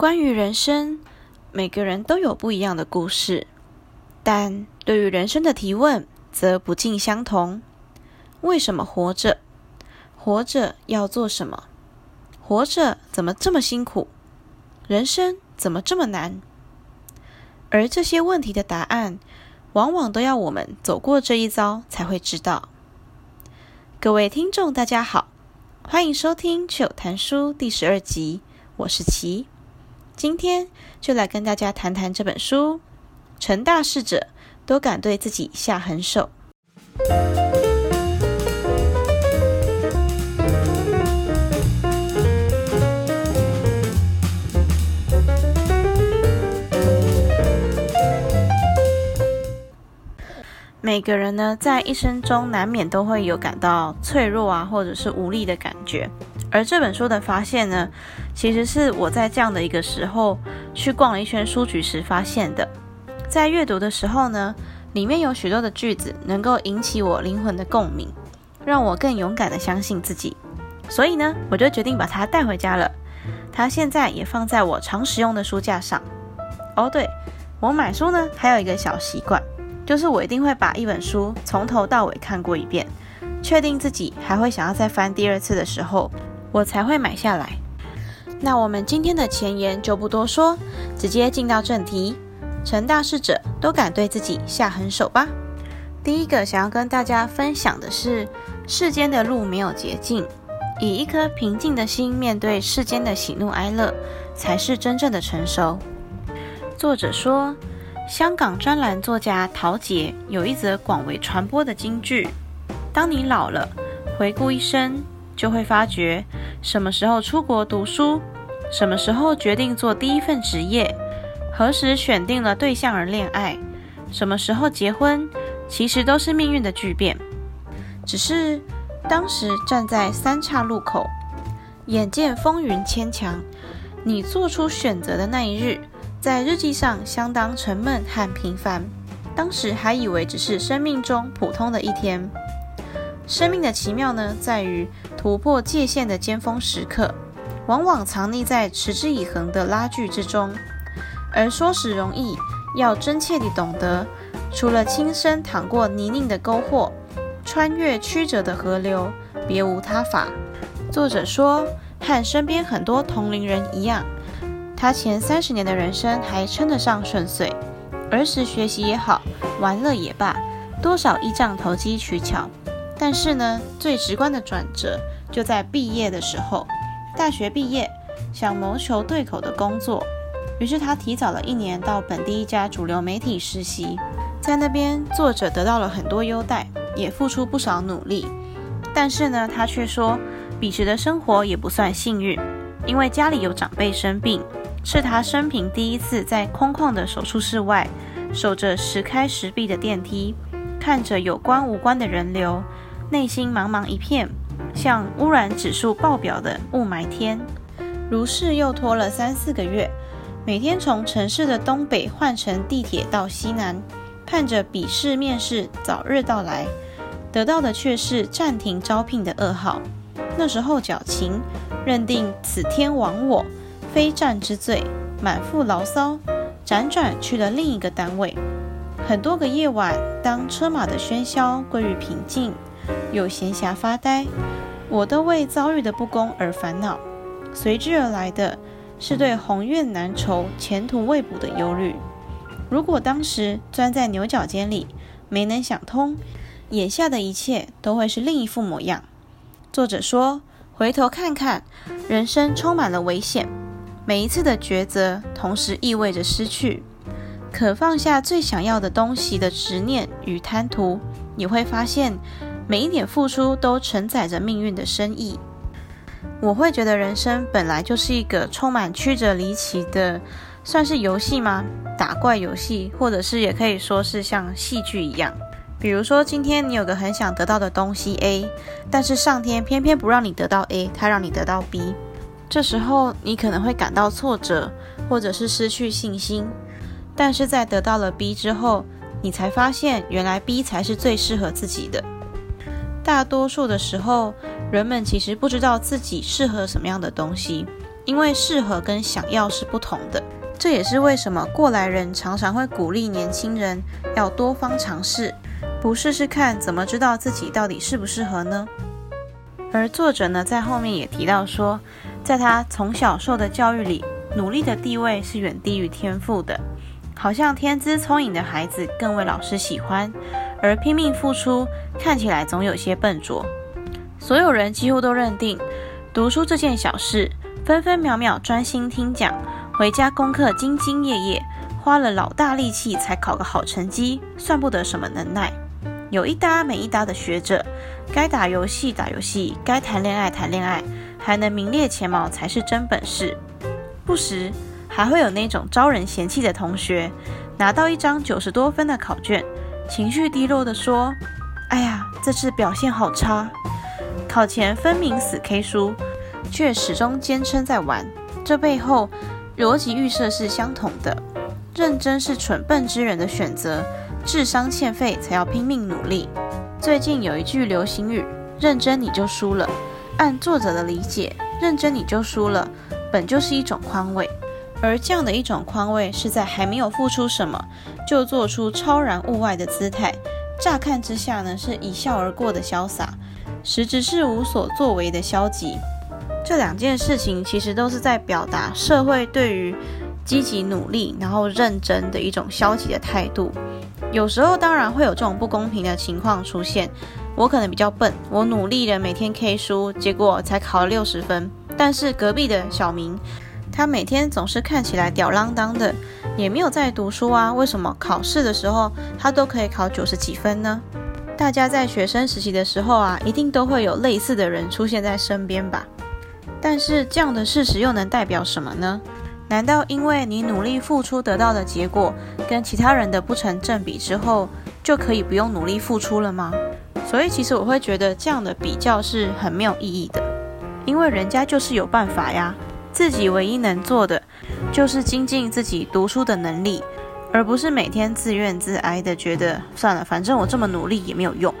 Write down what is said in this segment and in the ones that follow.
關於人生，每個人都有不一樣的故事，但對於人生的提問則不盡相同。為什麼活着？活着要做什麼？活着怎麼這麼辛苦？人生怎麼這麼難？而這些問題的答案，往往都要我們走過這一遭才會知道。各位聽眾，大家好，歡迎收聽《趣談書》第十二集，我是琪。今天就來跟大家談談這本書，《成大事者都敢對自己下狠手》。每個人呢，在一生中難免都會有感到脆弱啊，或者是無力的感覺。而這本書的發現呢，其實是我在這樣的一個時候去逛了一圈書局時發現的。在閱讀的時候呢，裡面有許多的句子能夠引起我靈魂的共鳴，讓我更勇敢的相信自己。所以呢，我就決定把它帶回家了。它現在也放在我常使用的書架上。哦，對，我買書呢還有一個小習慣，就是我一定會把一本書從頭到尾看過一遍，確定自己還會想要再翻第二次的時候，我才會買下來。那我們今天的前言就不多說，直接進到正題。成大事者都敢對自己下狠手吧。第一個想要跟大家分享的是，世間的路沒有捷徑，以一顆平靜的心面對世間的喜怒哀樂，才是真正的成熟。作者說，香港專欄作家陶傑有一則廣為傳播的金句：當你老了，回顧一生。就會發覺，什麼時候出國讀書，什麼時候決定做第一份職業，何時選定了對象而戀愛，什麼時候結婚，其實都是命運的巨變。只是當時站在三岔路口，眼見風雲千檣，你做出選擇的那一日，在日記上相當沉悶和平凡。當時還以為只是生命中普通的一天。生命的奇妙呢，在於突破界限的尖峰時刻，往往藏匿在持之以恆的拉鋸之中。而說時容易，要真切地懂得，除了親身淌過泥濘的溝壑，穿越曲折的河流，別無他法。作者說，和身邊很多同齡人一樣，他前三十年的人生還稱得上順遂。兒時學習也好，玩樂也罷，多少依仗投機取巧。但是呢，最直觀的轉折就在畢業的時候。大學畢業，想謀求對口的工作，於是他提早了一年到本地一家主流媒體實習。在那邊，作者得到了很多優待，也付出不少努力。但是呢，他卻說，彼時的生活也不算幸運，因為家裡有長輩生病，是他生平第一次在空曠的手術室外，守着時開時閉的電梯，看着有關無關的人流。內心茫茫一片，像污染指數爆錶的霧霾天。如是又拖了三四個月，每天從城市的東北換乘地鐵到西南，盼着筆試面試早日到來，得到的卻是暫停招聘的噩耗。那時候矯情，認定此天亡我，非戰之罪，滿腹牢騷，輾轉去了另一個單位。很多個夜晚，當車馬的喧囂歸於平靜，有閒暇發呆，我都為遭遇的不公而煩惱，隨之而來的是對宏願難酬、前途未卜的憂慮。如果當時鑽在牛角尖裡沒能想通，眼下的一切都會是另一副模樣。作者說：“回頭看看，人生充滿了危險，每一次的抉擇同時意味着失去。可放下最想要的東西的執念與貪圖，你會發現。”每一點付出都承載着命運的深意。我會覺得人生本來就是一個充滿曲折離奇的，算是遊戲嗎？打怪遊戲，或者是也可以說是像戲劇一樣。比如說，今天你有個很想得到的東西 A，但是上天偏偏不讓你得到 A，它讓你得到 B。這時候你可能會感到挫折，或者是失去信心。但是在得到了 B 之後，你才發現原來 B 才是最適合自己的。大多數的時候，人們其實不知道自己適合什麼樣的東西，因為適合跟想要是不同的。這也是為什麼過來人常常會鼓勵年輕人要多方嘗試，不試試看怎麼知道自己到底適不適合呢？而作者呢，在後面也提到說，在他從小受的教育裡，努力的地位是遠低於天賦的，好像天資聰穎的孩子更為老師喜歡。而拼命付出，看起來總有些笨拙。所有人幾乎都認定，讀書這件小事，分分秒秒專心聽講，回家功課兢兢業業，花了老大力氣才考個好成績，算不得什麼能耐。有一搭沒一搭的學着，該打遊戲打遊戲，該談戀愛談戀愛，還能名列前茅才是真本事。不時還會有那種招人嫌棄的同學，拿到一張九十多分的考卷。情緒低落地說：“哎呀，這次表現好差，考前分明死 K 書，卻始終堅稱在玩。這背後邏輯預設是相同的，認真是蠢笨之人的選擇，智商欠費才要拼命努力。最近有一句流行語，認真你就輸了。按作者的理解，認真你就輸了，本就是一種寬慰。”而這樣的一種寬慰，是在還沒有付出什麼，就做出超然物外的姿態。乍看之下呢，是一笑而過的瀟灑，實質是無所作為的消極。這兩件事情其實都是在表達社會對於積極努力然後認真的一種消極的態度。有時候當然會有這種不公平的情況出現。我可能比較笨，我努力了每天 K 書，結果才考了六十分。但是隔壁的小明。他每天總是看起來吊郎當的，也沒有在讀書啊？為什麼考試的時候他都可以考九十幾分呢？大家在學生時期的時候啊，一定都會有類似的人出現在身邊吧？但是這樣的事實又能代表什麼呢？難道因為你努力付出得到的結果跟其他人的不成正比之後，就可以不用努力付出了嗎？所以其實我會覺得這樣的比較是很沒有意義的，因為人家就是有辦法呀。自己唯一能做的，就是精進自己讀書的能力，而不是每天自怨自艾的覺得算了，反正我這麼努力也沒有用。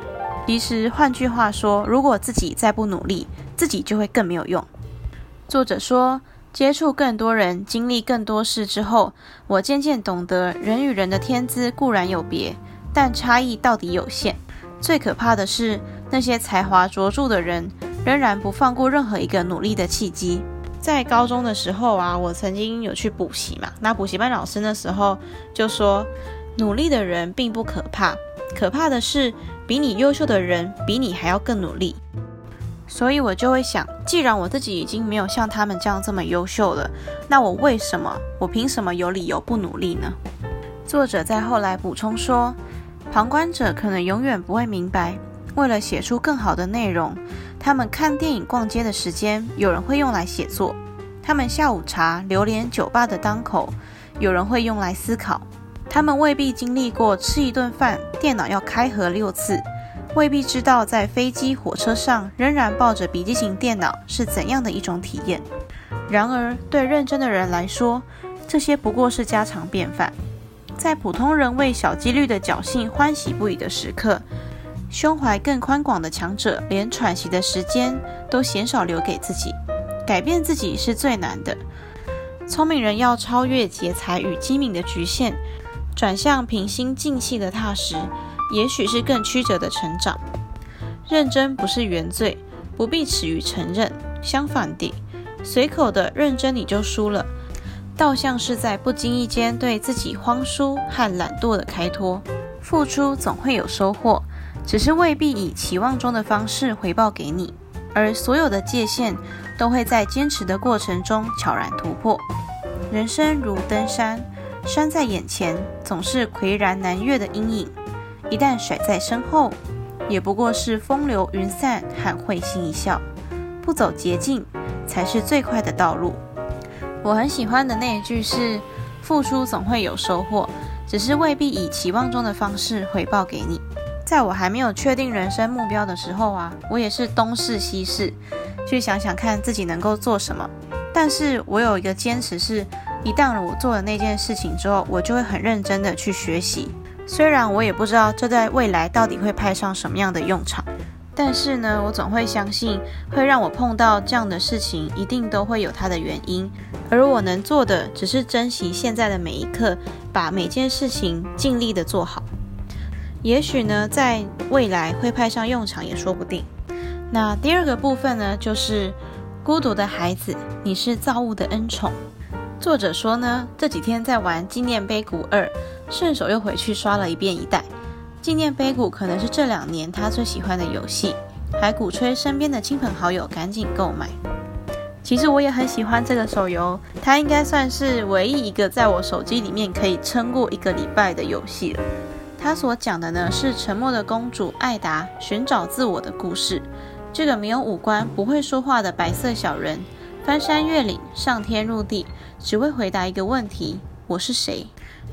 其實換句話說，如果自己再不努力，自己就會更沒有用。作者說，接觸更多人，經歷更多事之後，我漸漸懂得，人與人的天資固然有別，但差異到底有限。最可怕的是，那些才華卓著的人，仍然不放過任何一個努力的契機。在高中的時候啊，我曾經有去補習嘛。那補習班老師那時候就說，努力的人並不可怕，可怕的是比你優秀的人比你還要更努力。所以我就會想，既然我自己已經沒有像他們這樣這麼優秀了，那我為什麼，我憑什麼有理由不努力呢？作者在後來補充說，旁觀者可能永遠不會明白，為了寫出更好的內容。他們看電影、逛街的時間，有人會用來寫作；他們下午茶、流連酒吧的當口，有人會用來思考。他們未必經歷過吃一頓飯電腦要開合六次，未必知道在飛機、火車上仍然抱着筆記型電腦是怎樣的一種體驗。然而，對認真的人來說，這些不過是家常便飯。在普通人為小幾率的僥倖歡喜不已的時刻，胸懷更寬廣的強者，連喘息的時間都嫌少留給自己。改變自己是最難的。聰明人要超越劫財與機敏的局限，轉向平心靜氣的踏實，也許是更曲折的成長。認真不是原罪，不必恥於承認。相反地，隨口的認真你就輸了，倒像是在不經意間對自己荒疏和懶惰的開脫。付出總會有收穫。只是未必以期望中的方式回報給你，而所有的界限都會在堅持的過程中悄然突破。人生如登山，山在眼前總是巋然難越的陰影，一旦甩在身後，也不過是風流雲散，和會心一笑。不走捷徑才是最快的道路。我很喜歡的那一句是：“付出總會有收穫，只是未必以期望中的方式回報給你。”在我還沒有確定人生目標的時候啊，我也是東試西試，去想想看自己能夠做什麼。但是我有一個堅持是，一旦我做了那件事情之後，我就會很認真的去學習。雖然我也不知道這在未來到底會派上什麼樣的用場，但是呢，我總會相信，會讓我碰到這樣的事情，一定都會有它的原因。而我能做的，只是珍惜現在的每一刻，把每件事情盡力的做好。也許呢，在未來會派上用場也說不定。那第二個部分呢，就是孤獨的孩子，你是造物的恩寵。作者說呢，這幾天在玩紀念碑谷二，順手又回去刷了一遍一代。紀念碑谷可能是這兩年他最喜歡的遊戲，還鼓吹身邊的親朋好友趕緊購買。其實我也很喜歡這個手遊，它應該算是唯一一個在我手機裡面可以撐過一個禮拜的遊戲了。他所講的呢，是沉默的公主艾達尋找自我的故事。這個沒有五官、不會說話的白色小人，翻山越嶺、上天入地，只為回答一個問題：我是誰？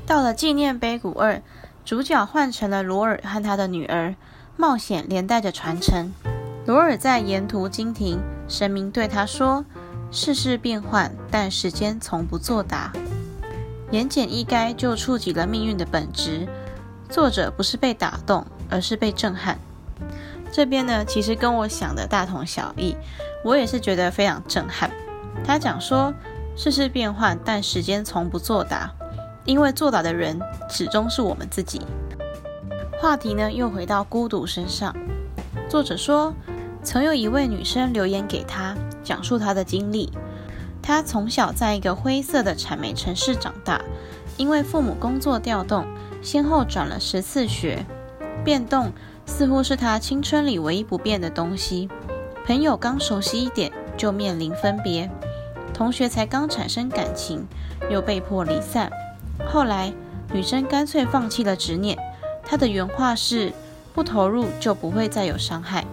到了紀念碑谷二，主角換成了羅爾和他的女兒，冒險連帶着傳承。羅爾在沿途經停，神明對他說：“世事變幻，但時間從不作答。”言簡意賅，就觸及了命運的本質。作者不是被打動，而是被震撼。這邊呢，其實跟我想的大同小異，我也是覺得非常震撼。他講說，世事變幻，但時間從不作答，因為作答的人始終是我們自己。話題呢，又回到孤獨身上。作者說，曾有一位女生留言給他，講述她的經歷。她從小在一個灰色的產煤城市長大，因為父母工作調動。先後轉了十次學，變動似乎是她青春裡唯一不變的東西。朋友剛熟悉一點就面臨分別，同學才剛產生感情又被迫離散。後來女生乾脆放棄了執念，她的原話是：“不投入就不會再有傷害。”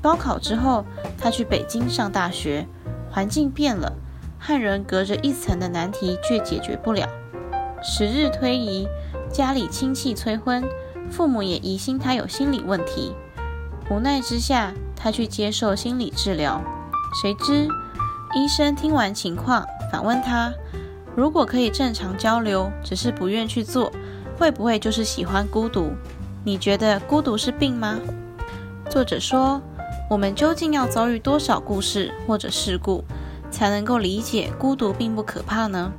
高考之後，她去北京上大學，環境變了，和人隔着一層的難題卻解決不了。時日推移。家裡親戚催婚，父母也疑心他有心理問題。無奈之下，他去接受心理治療。誰知，醫生聽完情況，反問他：“如果可以正常交流，只是不願去做，會不會就是喜歡孤獨？你覺得孤獨是病嗎？”作者說：“我們究竟要遭遇多少故事或者事故，才能夠理解孤獨並不可怕呢？”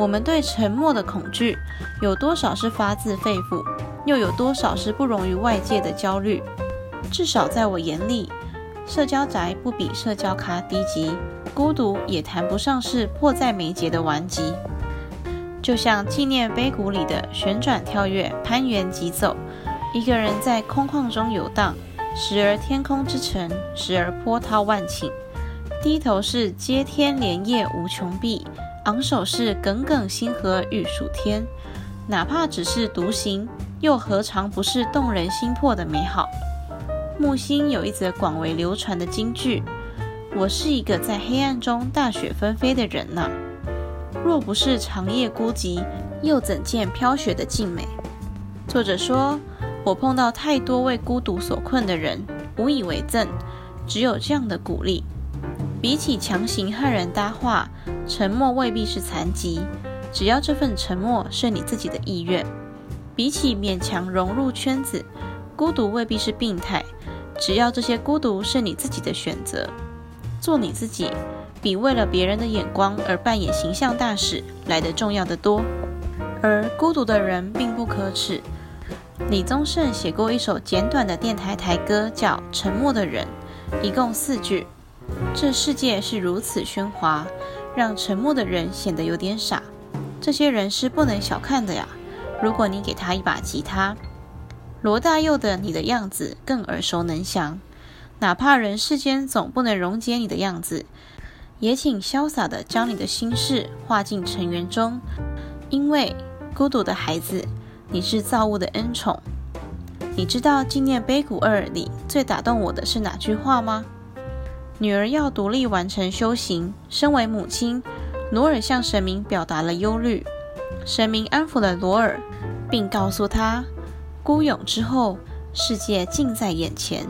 我們對沉默的恐懼，有多少是發自肺腑，又有多少是不容於外界的焦慮？至少在我眼裡，社交宅不比社交咖低級，孤獨也談不上是迫在眉睫的頑疾。就像紀念碑谷裡的旋轉、跳躍、攀援、疾走，一個人在空曠中遊蕩，時而天空之城，時而波濤萬頃，低頭是接天蓮葉無窮碧。防守是耿耿星河欲曙天，哪怕只是獨行，又何嘗不是動人心魄的美好？木星有一則廣為流傳的金句：“我是一個在黑暗中大雪紛飛的人吶、啊，若不是長夜孤寂，又怎見飄雪的靜美？”作者說：“我碰到太多為孤獨所困的人，無以為贈，只有這樣的鼓勵。”比起強行和人搭話，沉默未必是殘疾，只要這份沉默是你自己的意願；比起勉強融入圈子，孤獨未必是病態，只要這些孤獨是你自己的選擇。做你自己，比為了別人的眼光而扮演形象大使來得重要得多。而孤獨的人並不可恥。李宗盛寫過一首簡短的電臺台歌，叫《沉默的人》，一共四句。這世界是如此喧嘩，讓沉默的人顯得有點傻。這些人是不能小看的呀。如果你給他一把吉他，羅大佑的《你的樣子》更耳熟能詳。哪怕人世間總不能溶解你的樣子，也請瀟灑地將你的心事化進塵緣中。因為孤獨的孩子，你是造物的恩寵。你知道《紀念碑谷二》裡最打動我的是哪句話嗎？女兒要獨立完成修行，身為母親，羅爾向神明表達了憂慮。神明安撫了羅爾，並告訴他，孤勇之後，世界盡在眼前。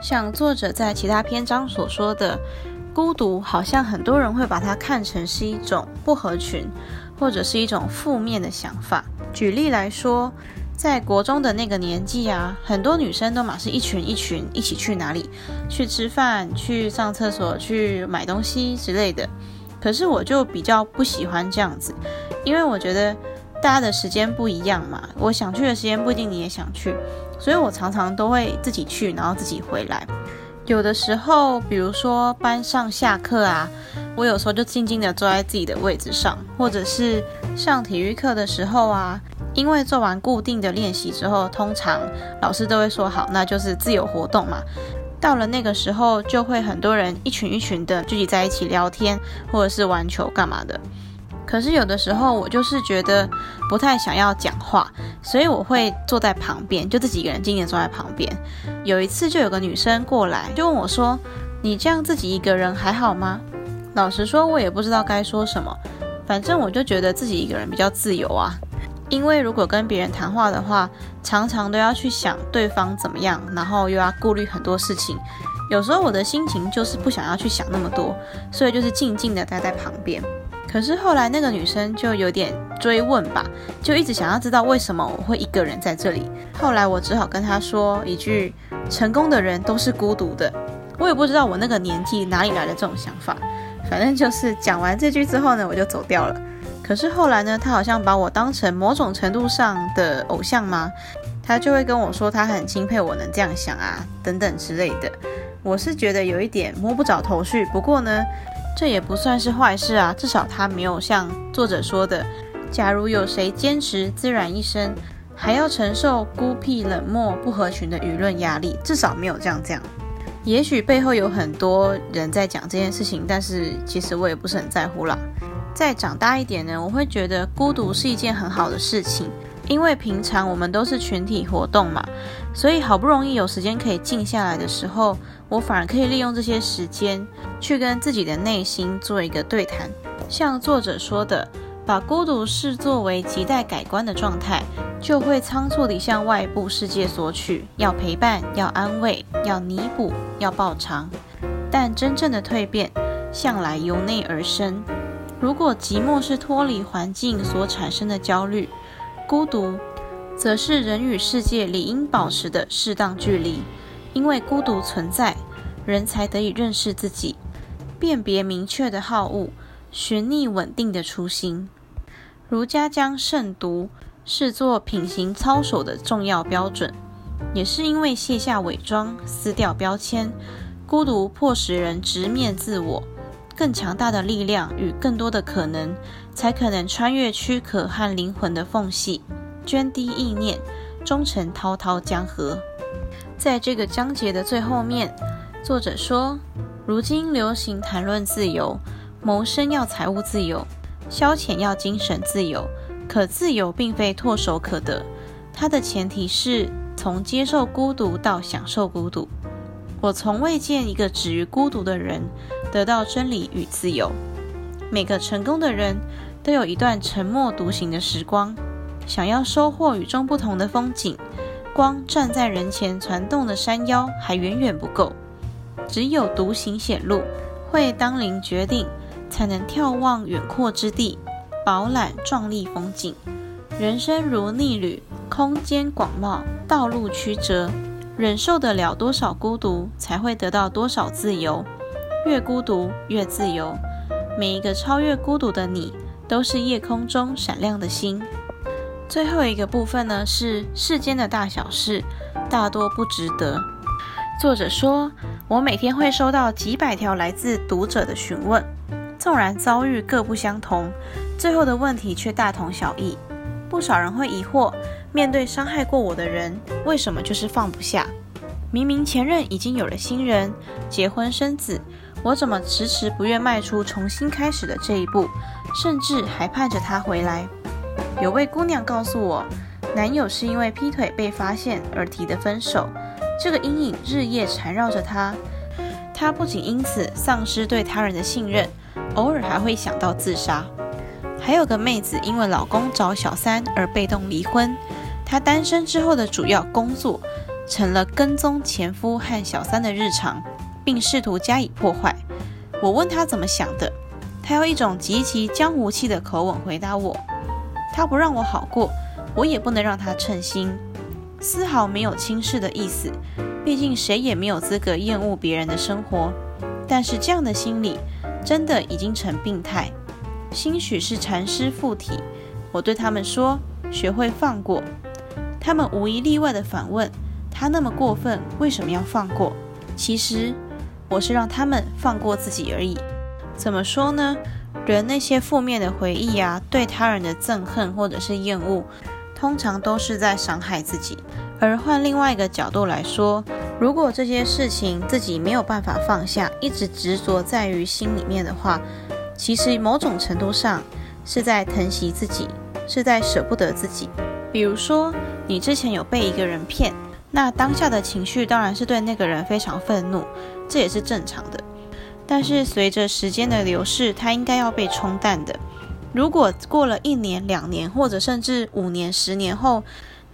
像作者在其他篇章所說的，孤獨好像很多人會把它看成是一種不合群，或者是一種負面的想法。舉例來說，在國中的那個年紀啊，很多女生都馬是一群一群一起去哪裡，去吃飯，去上廁所，去買東西之類的。可是我就比較不喜歡這樣子，因為我覺得大家的時間不一樣嘛。我想去的時間不一定你也想去，所以我常常都會自己去，然後自己回來。有的時候，比如說班上下課啊，我有時候就靜靜的坐在自己的位置上，或者是上體育課的時候啊。因為做完固定的練習之後，通常老師都會說好，那就是自由活動嘛。到了那個時候，就會很多人一群一群的聚集在一起聊天，或者是玩球幹嘛的。可是有的時候，我就是覺得不太想要講話，所以我會坐在旁邊，就自己一個人靜靜坐在旁邊。有一次就有個女生過來，就問我說：“你這樣自己一個人還好嗎？”老實說，我也不知道該說什麼。反正我就覺得自己一個人比較自由啊。因為如果跟別人談話的話，常常都要去想對方怎麼樣，然後又要顧慮很多事情。有時候我的心情就是不想要去想那麼多，所以就是靜靜地待在旁邊。可是後來那個女生就有點追問吧，就一直想要知道為什麼我會一個人在這裡。後來我只好跟她說一句：“成功的人都是孤獨的。”我也不知道我那個年紀哪裡來的這種想法，反正就是講完這句之後呢，我就走掉了。可是後來呢，他好像把我當成某種程度上的偶像嗎？他就會跟我說他很欽佩我能這樣想啊，等等之類的。我是覺得有一點摸不着頭緒。不過呢，這也不算是壞事啊，至少他沒有像作者說的，假如有誰堅持孑然一身，還要承受孤僻冷漠不合群的輿論壓力，至少沒有這樣這樣。也許背後有很多人在講這件事情，但是其實我也不是很在乎啦。再長大一點呢，我會覺得孤獨是一件很好的事情，因為平常我們都是群體活動嘛，所以好不容易有時間可以靜下來的時候，我反而可以利用這些時間去跟自己的內心做一個對談。像作者說的，把孤獨視作為亟待改觀的狀態，就會倉促地向外部世界索取，要陪伴，要安慰，要彌補，要報償。但真正的蛻變，向來由內而生。如果寂寞是脫離環境所產生的焦慮，孤獨，則是人與世界理應保持的適當距離。因為孤獨存在，人才得以認識自己，辨別明確的好惡，尋覓穩定的初心。儒家將慎獨視作品行操守的重要標準，也是因為卸下偽裝，撕掉標籤，孤獨迫使人直面自我。更強大的力量與更多的可能，才可能穿越軀殼和靈魂的縫隙，涓滴意念終成滔滔江河。在這個章節的最後面，作者說：如今流行談論自由，謀生要財務自由，消遣要精神自由。可自由並非唾手可得，它的前提是從接受孤獨到享受孤獨。我從未見一個止於孤獨的人得到真理與自由。每個成功的人，都有一段沉默獨行的時光。想要收穫與眾不同的風景，光站在人前攢動的山腰還遠遠不夠。只有獨行險路，會當凌絕頂，才能眺望遠闊之地，飽覽壯麗風景。人生如逆旅，空間廣袤，道路曲折。忍受得了多少孤獨，才會得到多少自由？越孤獨越自由。每一個超越孤獨的你，都是夜空中閃亮的星。最後一個部分呢，是世間的大小事，大多不值得。作者說，我每天會收到幾百條來自讀者的詢問，縱然遭遇各不相同，最後的問題卻大同小異。不少人會疑惑。面對傷害過我的人，為什麼就是放不下？明明前任已經有了新人，結婚生子，我怎麼遲遲不願邁出重新開始的這一步，甚至還盼着他回來？有位姑娘告訴我，男友是因為劈腿被發現而提的分手，這個陰影日夜纏繞着她。她不僅因此喪失對他人的信任，偶爾還會想到自殺。還有個妹子因為老公找小三而被動離婚。他單身之後的主要工作成了跟蹤前夫和小三的日常，並試圖加以破壞。我問他怎麼想的，他用一種極其江湖氣的口吻回答我：“他不讓我好過，我也不能讓他稱心，絲毫沒有輕視的意思。畢竟誰也沒有資格厭惡別人的生活。但是這樣的心理真的已經成病態，興許是禪師附體。”我對他們說：“學會放過。”他們無一例外地反問：“他那麼過分，為什麼要放過？”其實，我是讓他們放過自己而已。怎麼說呢？人那些負面的回憶啊，對他人的憎恨或者是厭惡，通常都是在傷害自己。而換另外一個角度來說，如果這些事情自己沒有辦法放下，一直執着在於心裡面的話，其實某種程度上是在疼惜自己，是在捨不得自己。比如說，你之前有被一個人騙，那當下的情緒當然是對那個人非常憤怒，這也是正常的。但是隨着時間的流逝，它應該要被沖淡的。如果過了一年、兩年，或者甚至五年、十年後，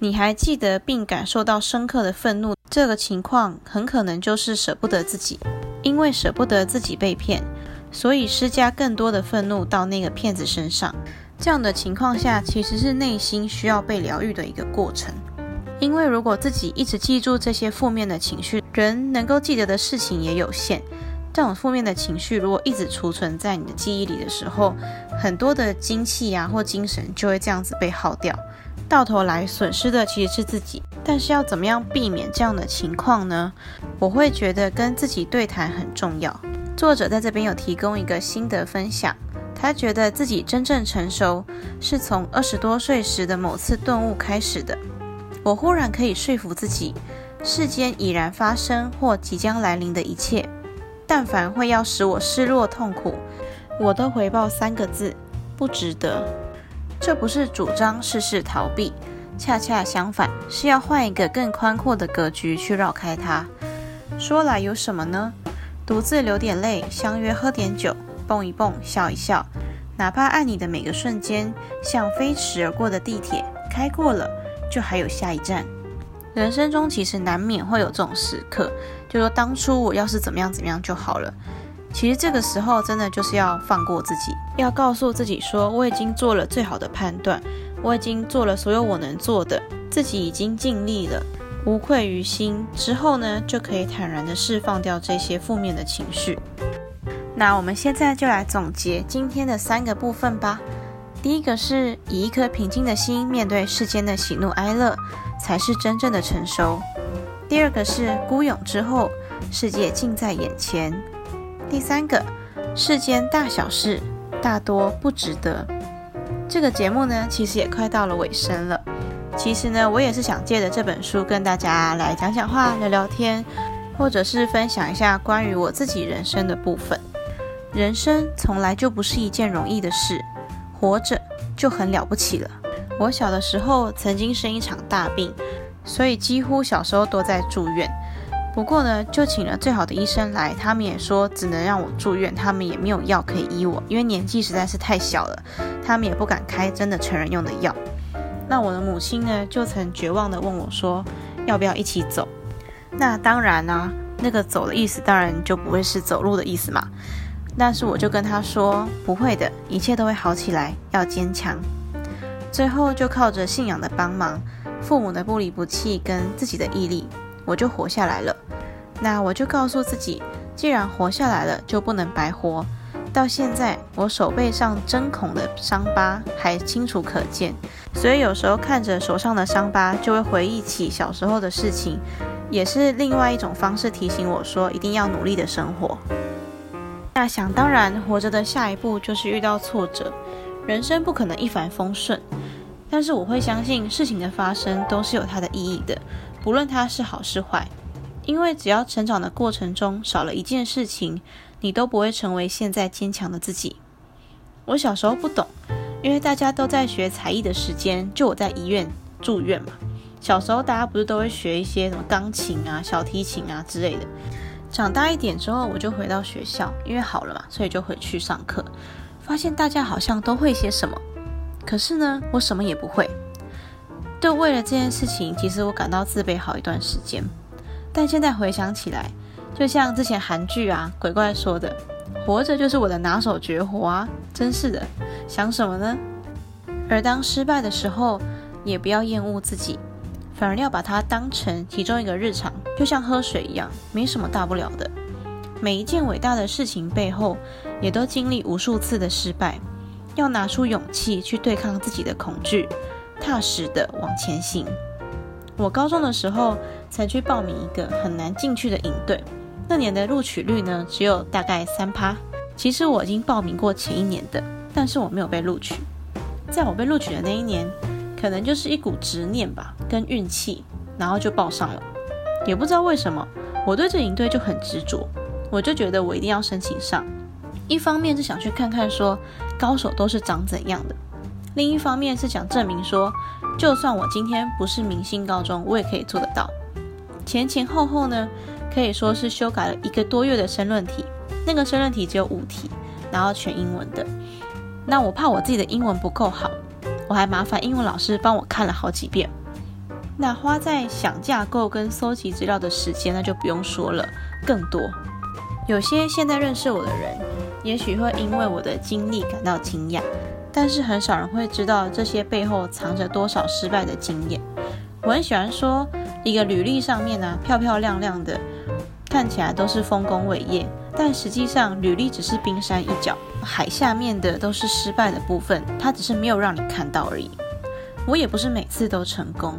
你還記得並感受到深刻的憤怒，這個情況很可能就是捨不得自己，因為捨不得自己被騙，所以施加更多的憤怒到那個騙子身上。這樣的情況下，其實是內心需要被療癒的一個過程。因為如果自己一直記住這些負面的情緒，人能夠記得的事情也有限。這種負面的情緒如果一直儲存在你的記憶裡的時候，很多的精氣呀或精神就會這樣子被耗掉，到頭來損失的其實是自己。但是要怎麼樣避免這樣的情況呢？我會覺得跟自己對談很重要。作者在這邊有提供一個心得分享。他覺得自己真正成熟是從二十多歲時的某次頓悟開始的。我忽然可以說服自己，世間已然發生或即將來臨的一切，但凡會要使我失落痛苦，我都回報三個字：不值得。這不是主張事事逃避，恰恰相反，是要換一個更寬闊的格局去繞開它。說來有什麼呢？獨自流點淚，相約喝點酒。蹦一蹦，笑一笑，哪怕愛你的每個瞬間，像飛馳而過的地鐵，開過了就還有下一站。人生中其實難免會有這種時刻，就說當初我要是怎麼樣怎麼樣就好了。其實這個時候真的就是要放過自己，要告訴自己說，我已經做了最好的判斷，我已經做了所有我能做的，自己已經盡力了，無愧於心。之後呢，就可以坦然的釋放掉這些負面的情緒。那我們現在就來總結今天的三個部分吧。第一個是以一顆平靜的心面對世間的喜怒哀樂，才是真正的成熟。第二個是孤勇之後，世界近在眼前。第三個，世間大小事，大多不值得。這個節目呢，其實也快到了尾聲了。其實呢，我也是想借着這本書跟大家來講講話、聊聊天，或者是分享一下關於我自己人生的部分。人生從來就不是一件容易的事，活着就很了不起了。我小的時候曾經生一場大病，所以幾乎小時候都在住院。不過呢，就請了最好的醫生來，他們也說只能讓我住院，他們也沒有藥可以醫我，因為年紀實在是太小了，他們也不敢開真的成人用的藥。那我的母親呢，就曾絕望地問我說，說要不要一起走？那當然啦、啊，那個走的意思當然就不會是走路的意思嘛。但是我就跟他說不會的，一切都會好起來，要堅強。最後就靠着信仰的幫忙，父母的不離不棄跟自己的毅力，我就活下來了。那我就告訴自己，既然活下來了，就不能白活。到現在，我手背上針孔的傷疤還清楚可見，所以有時候看着手上的傷疤，就會回憶起小時候的事情，也是另外一種方式提醒我說一定要努力的生活。那想當然，活着的下一步就是遇到挫折，人生不可能一帆風順。但是我會相信，事情的發生都是有它的意義的，不論它是好是壞。因為只要成長的過程中少了一件事情，你都不會成為現在堅強的自己。我小時候不懂，因為大家都在學才藝的時間，就我在醫院住院嘛。小時候大家不是都會學一些什麼鋼琴啊、小提琴啊之類的。長大一點之後，我就回到學校，因為好了嘛，所以就回去上課。發現大家好像都會些什麼，可是呢，我什麼也不會。就為了這件事情，其實我感到自卑好一段時間。但現在回想起來，就像之前韓劇啊鬼怪說的，“活着就是我的拿手絕活啊”，真是的，想什麼呢？而當失敗的時候，也不要厭惡自己。反而要把它當成其中一個日常，就像喝水一樣，沒什麼大不了的。每一件偉大的事情背後，也都經歷無數次的失敗。要拿出勇氣去對抗自己的恐懼，踏實的往前行。我高中的時候才去報名一個很難進去的營隊，那年的錄取率呢只有大概三趴。其實我已經報名過前一年的，但是我沒有被錄取。在我被錄取的那一年，可能就是一股執念吧，跟運氣，然後就報上了。也不知道為什麼，我對這營隊就很執着。我就覺得我一定要申請上。一方面是想去看看說高手都是長怎樣的，另一方面是想證明說，就算我今天不是明星高中，我也可以做得到。前前後後呢，可以說是修改了一個多月的申論題。那個申論題只有五題，然後全英文的。那我怕我自己的英文不夠好。我還麻煩英文老師幫我看了好幾遍，那花在想架構跟搜集資料的時間，那就不用說了，更多。有些現在認識我的人，也許會因為我的經歷感到驚訝，但是很少人會知道這些背後藏着多少失敗的經驗。我很喜歡說，一個履歷上面呢，漂漂亮亮的。看起來都是豐功偉業，但實際上履歷只是冰山一角，海下面的都是失敗的部分，它只是沒有讓你看到而已。我也不是每次都成功，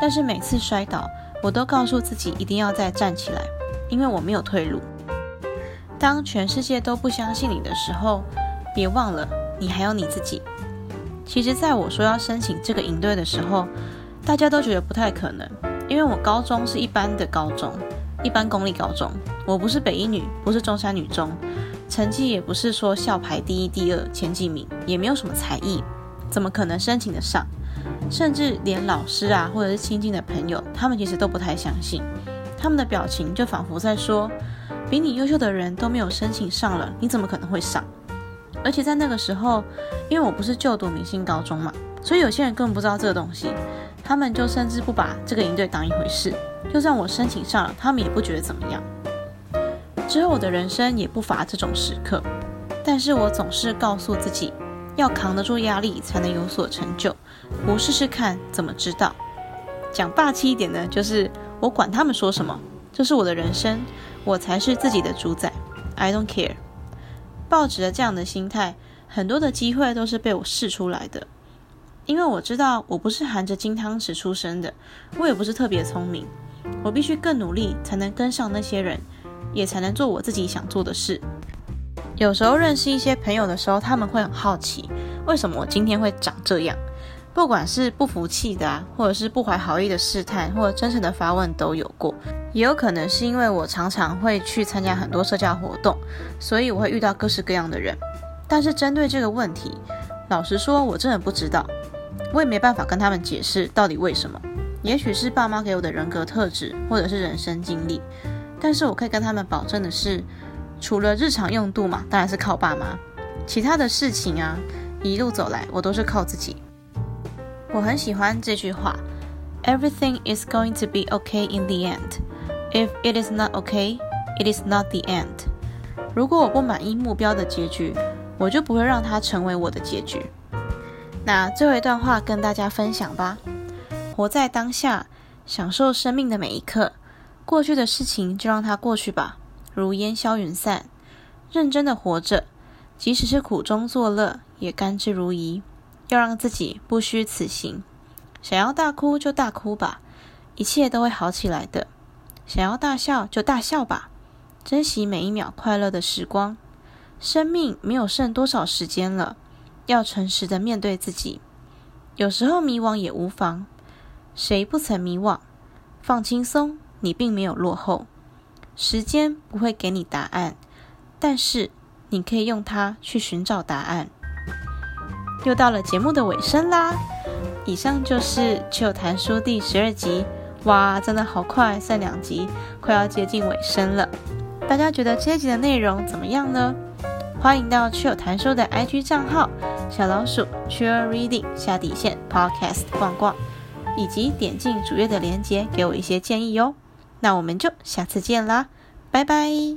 但是每次摔倒，我都告訴自己一定要再站起來，因為我沒有退路。當全世界都不相信你的時候，別忘了你還有你自己。其實，在我說要申請這個營隊的時候，大家都覺得不太可能，因為我高中是一般的高中。一般公立高中，我不是北一女，不是中山女中，成績也不是說校排第一、第二、前幾名，也沒有什麼才藝，怎麼可能申請得上？甚至連老師啊，或者是親近的朋友，他們其實都不太相信，他們的表情就仿佛在說，比你優秀的人都沒有申請上了，你怎麼可能會上？而且在那個時候，因為我不是就讀明星高中嘛，所以有些人根本不知道這個東西，他們就甚至不把這個營隊當一回事。就算我申請上了，他們也不覺得怎麼樣。之後我的人生也不乏這種時刻，但是我總是告訴自己，要扛得住壓力才能有所成就。不試試看怎麼知道？講霸氣一點呢，就是我管他們說什麼，這，就是我的人生，我才是自己的主宰。I don't care。抱持著這樣的心態，很多的機會都是被我試出來的，因為我知道我不是含着金湯匙出生的，我也不是特別聰明。我必須更努力，才能跟上那些人，也才能做我自己想做的事。有時候認識一些朋友的時候，他們會很好奇，為什麼我今天會長這樣。不管是不服氣的啊，或者是不懷好意的試探，或者真誠的發問都有過。也有可能是因為我常常會去參加很多社交活動，所以我會遇到各式各樣的人。但是針對這個問題，老實說，我真的不知道，我也沒辦法跟他們解釋到底為什麼。也許是爸媽給我的人格特質，或者是人生經歷，但是我可以跟他們保證的是，除了日常用度嘛，當然是靠爸媽，其他的事情啊，一路走來我都是靠自己。我很喜歡這句話，Everything is going to be okay in the end. If it is not okay, it is not the end. 如果我不滿意目標的結局，我就不會讓它成為我的結局。那最後一段話跟大家分享吧。活在當下，享受生命的每一刻。過去的事情就讓它過去吧，如煙消雲散。認真的活着，即使是苦中作樂，也甘之如饴。要讓自己不虛此行。想要大哭就大哭吧，一切都會好起來的。想要大笑就大笑吧，珍惜每一秒快樂的時光。生命沒有剩多少時間了，要誠實的面對自己。有時候迷惘也無妨。誰不曾迷惘？放輕鬆，你並沒有落後。時間不會給你答案，但是你可以用它去尋找答案。又到了節目的尾聲啦！以上就是趣有談書第十二集。哇，真的好快，三兩集，快要接近尾聲了。大家覺得這一集的內容怎麼樣呢？歡迎到趣有談書的 IG 賬號“小老鼠 chill reading 下底線 podcast” 逛逛。以及點進主頁的鏈接，給我一些建議喲。那我們就下次見啦，拜拜。